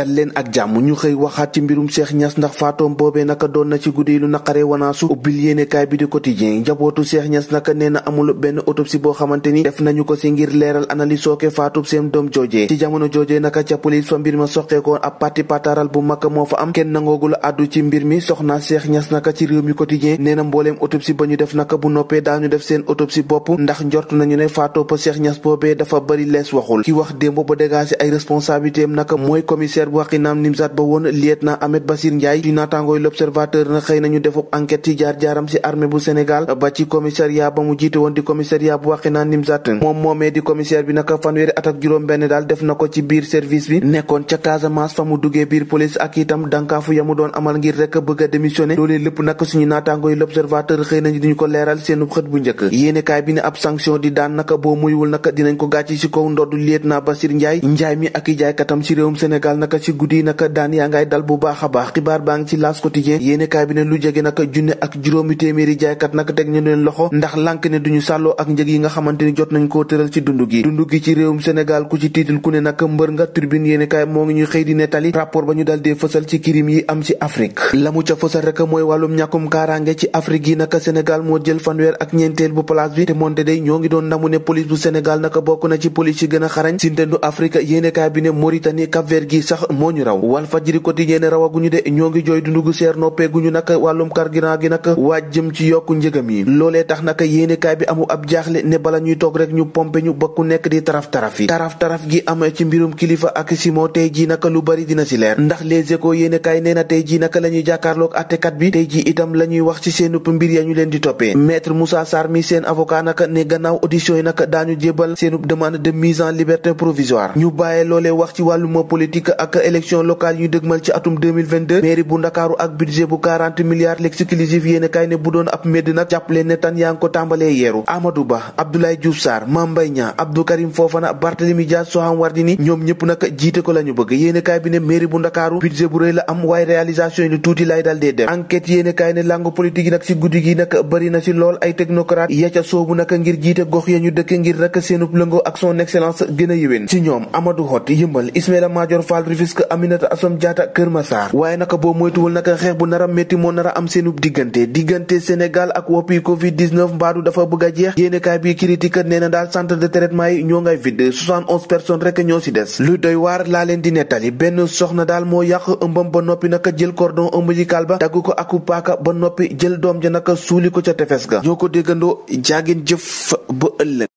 dal leen ak jàmm ñu xëy waxaat ci mbirum Cheikh Niass ndax faatoom boobee naka doon na ci guddi lu naka nee na amul benn autopsie boo xamante ni def nañu ko si ngir leeral analyse sooke faatub seen doom joojee ci jamono joojee naka ca police fa mbir ma soqeekoon ab parti pataral bu mag moo fa am kenn nangoogula àddu ci mbir mi soxna Cheikh Niass naka ci réew mi quotidien nee na mbooleem autopsie ba ñu def naka bu noppee ñu def seen autopsie bopp ndax njort nañu ne faatoo pa Cheikh Niass boobee dafa bari lees waxul ki wax démb ba dégagé ay commissaire bu Wakhinane Nimzatt ba woon lieutenant Ahmed Basir Ndiaye di naataangooy l'observateur na xëy nañu defub enquête ci jaar-jaaram ci armée ba ci commissariat ba mu jiite woon di commissariat bu Wakhinane Nimzatt moom moomee di commissaire bi naka fanweeri at ak juróom benn daal na ko bi nekkoon ca Casamance fa mu duggee biir police ak itam dankaafu yamu doon rek bëgg a démissionné loolee lépp nag suñu naataangooy l'observateur xëy nañu diñu ko leeral seenu xët bu njëkk yéenekaay bi ne ab sanction di daan naka boo muyul naka dinañ ko gàcc ci kaw ndoddu lieutenant Basir Ndiaye Ndiaye mi ak i katam ci réewum Sénégal naka ci guddi naka daan yaa ngay dal bu baax a baax xibaar baa ngi ci L'As Quotidien yéenekaay bi ne lu jege naka junne ak juróomi téeméeri jaaykat naka teg ñu leen loxo ndax lànk ne du ñu sàlloo ak njëg yi nga xamante ni jot nañ koo tëral ci dund gi dund gi ci réewum Sénégal ku ci tiital ku ne naka mbër nga turbine yéenekaay moo ngi ñuy xëy di nettali rapport ba ñu dal dee fësal ci kirim yi am ci Afrique la mu ca fësal rek mooy wàllum ñàkkum kaaraange ci Afrique yi naka Sénégal moo jël fanweer ak ñeenteel bu place bi te moonte day ñoo ngi doon namu ne police Sénégal naka bokk na ci police yi gën a xarañ sintendu Afrique yéenekaay bi ne Mauritanie Cap-Vert gi sax sax moo ñu raw wal fajiri quotidien rawaguñu de ñoo ngi jooy dundu gu seer noppeeguñu nag wàllum carburant gi nag waaj jëm ci yokku njëgam yi loolee tax nag yéenekaay bi amu ab jaaxle ne bala ñuy toog rek ñu pompe ñu ba nekk di taraf-taraf yi taraf-taraf gi am ci mbirum kilifa ak simo tey ji nag lu bari dina si leer ndax les échos yéenekaay nee na tey ji nag la ñuy jàkkaarloog àttekat bi tey ji itam la ñuy wax ci seenup mbir ya ñu leen di toppee maître Moussa Sarr mi seen avocat nag ne gannaaw yi nag daañu jébal seenub demande de mise en liberté provisoire ñu bàyyee loolee wax ci wàlluma politique ak élection locale yu dëgmal ci atum mairie bu ndakaaru ak budget bu 40 milliards l'exclusif yéen kaay ne bu doon ab médd nag jàppale ne tan yaa ngi ko tàmbalee yeeru Amadou ñëpp nag jiite ko la ñu bëgg yéen kaay bi ne mairie bu ndakaaru budget bu rëy la am waaye réalisation yi lu tuuti lay dal dee def enquête yéen kaay ne langue politique yi nag si guddi gi nag bëri na si lool ay technocrate ya ca soobu nag ngir jiite gox ya ñu dëkk ngir rek seenub lëngoo ak son excellence gën a yéwén fisc Aminata Assome Diatta Kër Massar waaye naka boo moytuwul naka xeex bu nar a métti moo nar a am seenub diggante diggante Sénégal ak woppi covid 19 mbaadu dafa bëgg a jeex yéenekaay bi critique nee na daal centre de traitement yi ñoo ngay vide 71 personnes rek ñoo ci des lu doy waar laa leen di nettali benn soxna daal moo yàq ëmbam ba noppi naka jël cordon ombilical ba dagg ko aku paaka ba noppi jël doom ja naka suuli ko ca tefes ga ñoo ko déggandoo jaagin jëf ba ëllëg